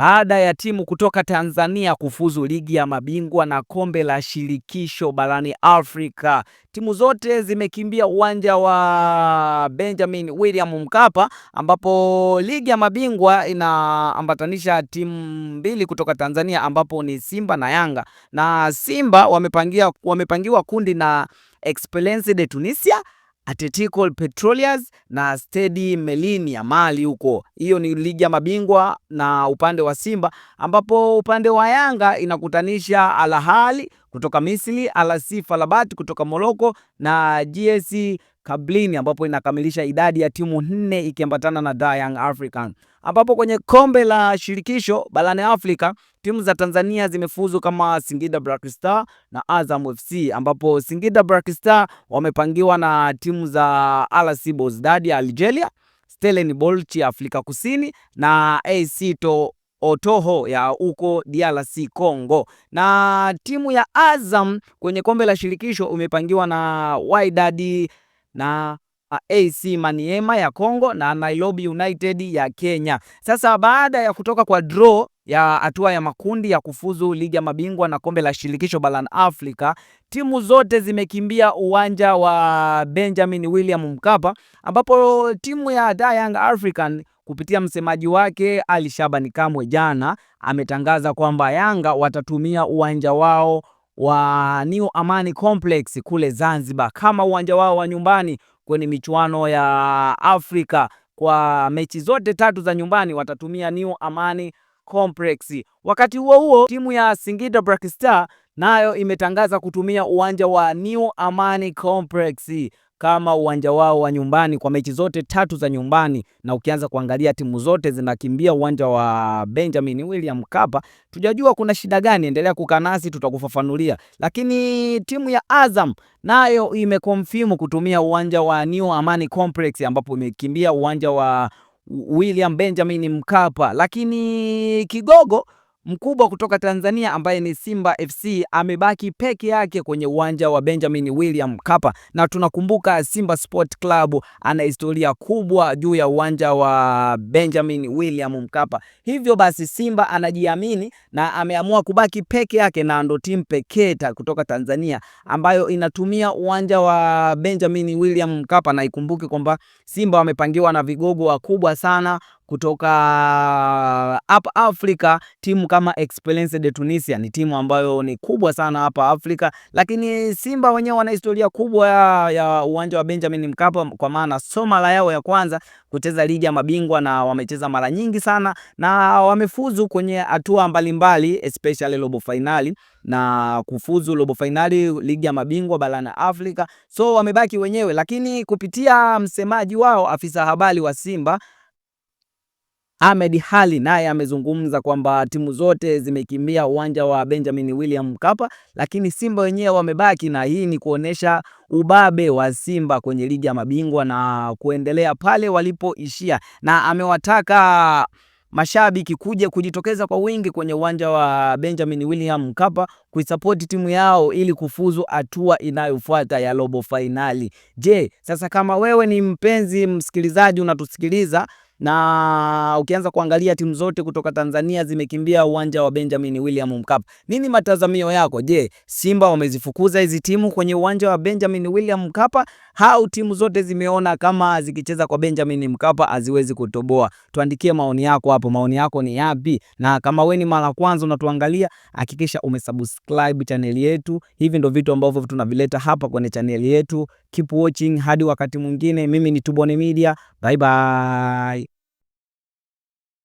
Baada ya timu kutoka Tanzania kufuzu ligi ya mabingwa na kombe la shirikisho barani Afrika, timu zote zimekimbia uwanja wa Benjamin William Mkapa, ambapo ligi ya mabingwa inaambatanisha timu mbili kutoka Tanzania, ambapo ni Simba na Yanga, na Simba wamepangia wamepangiwa kundi na Esperance de Tunisia Atletico Petroleas na Stade Melini ya Mali huko. Hiyo ni ligi ya mabingwa na upande wa Simba, ambapo upande wa Yanga inakutanisha Al Ahly kutoka Misri, Al Sifal Rabat kutoka Morocco na GS Kablini, ambapo inakamilisha idadi ya timu nne ikiambatana na Da Young African, ambapo kwenye kombe la shirikisho barani Afrika timu za Tanzania zimefuzu kama Singida Black Star na Azam FC, ambapo Singida Black Star wamepangiwa na timu za RC Belouizdad ya Algeria, Stellenbosch ya Afrika Kusini na AS Otoho ya huko DRC Congo, na timu ya Azam kwenye kombe la shirikisho umepangiwa na Wydad na AC Maniema ya Congo na Nairobi United ya Kenya. Sasa baada ya kutoka kwa draw ya hatua ya makundi ya kufuzu ligi ya mabingwa na kombe la shirikisho barani Afrika, timu zote zimekimbia uwanja wa Benjamin William Mkapa, ambapo timu ya Da Young African kupitia msemaji wake Ali Shabani Kamwe jana ametangaza kwamba Yanga watatumia uwanja wao wa New Amani Complex kule Zanzibar kama uwanja wao wa nyumbani kwenye michuano ya Afrika. Kwa mechi zote tatu za nyumbani watatumia New Amani Complex. Wakati huo huo, timu ya Singida Black Star nayo imetangaza kutumia uwanja wa New Amani Complex kama uwanja wao wa nyumbani kwa mechi zote tatu za nyumbani, na ukianza kuangalia timu zote zinakimbia uwanja wa Benjamin William Mkapa. Tujajua kuna shida gani, endelea kukaa nasi tutakufafanulia. Lakini timu ya Azam nayo imekonfirm kutumia uwanja wa New Amani Complex ambapo imekimbia uwanja wa William Benjamin Mkapa, lakini Kigogo mkubwa kutoka Tanzania ambaye ni Simba FC amebaki peke yake kwenye uwanja wa Benjamin William Mkapa, na tunakumbuka Simba Sport Club ana historia kubwa juu ya uwanja wa Benjamin William Mkapa. Hivyo basi Simba anajiamini na ameamua kubaki peke yake, na ndo timu pekee kutoka Tanzania ambayo inatumia uwanja wa Benjamin William Mkapa, na ikumbuke kwamba Simba wamepangiwa na vigogo wakubwa sana kutoka hapa uh, Afrika, timu kama Experience de Tunisia ni timu ambayo ni kubwa sana hapa Afrika, lakini Simba wenyewe wana historia kubwa ya, ya uwanja wa Benjamin Mkapa kwa maana soma la yao ya kwanza kucheza ligi ya mabingwa na wamecheza mara nyingi sana na wamefuzu kwenye hatua mbalimbali especially robo finali na kufuzu robo finali ligi ya mabingwa barani Afrika. So wamebaki wenyewe, lakini kupitia msemaji wao afisa habari wa Simba Ahmed Ally naye amezungumza kwamba timu zote zimekimbia uwanja wa Benjamin William Mkapa, lakini Simba wenyewe wamebaki, na hii ni kuonesha ubabe wa Simba kwenye ligi ya mabingwa na kuendelea pale walipoishia, na amewataka mashabiki kuja kujitokeza kwa wingi kwenye uwanja wa Benjamin William Mkapa kuisapoti timu yao ili kufuzu hatua inayofuata ya robo fainali. Je, sasa kama wewe ni mpenzi msikilizaji unatusikiliza na ukianza kuangalia timu zote kutoka Tanzania zimekimbia uwanja wa Benjamin William Mkapa. Nini matazamio yako? Je, Simba wamezifukuza hizi timu kwenye uwanja wa Benjamin William Mkapa au timu zote zimeona kama zikicheza kwa Benjamin Mkapa haziwezi kutoboa? Tuandikie maoni yako hapo, maoni yako ni yapi? Na kama wewe ni mara kwanza unatuangalia, hakikisha umesubscribe chaneli yetu. Hivi ndio vitu ambavyo tunavileta hapa kwenye chaneli yetu. Keep watching hadi wakati mwingine. Mimi ni Tubone Media, bye bye.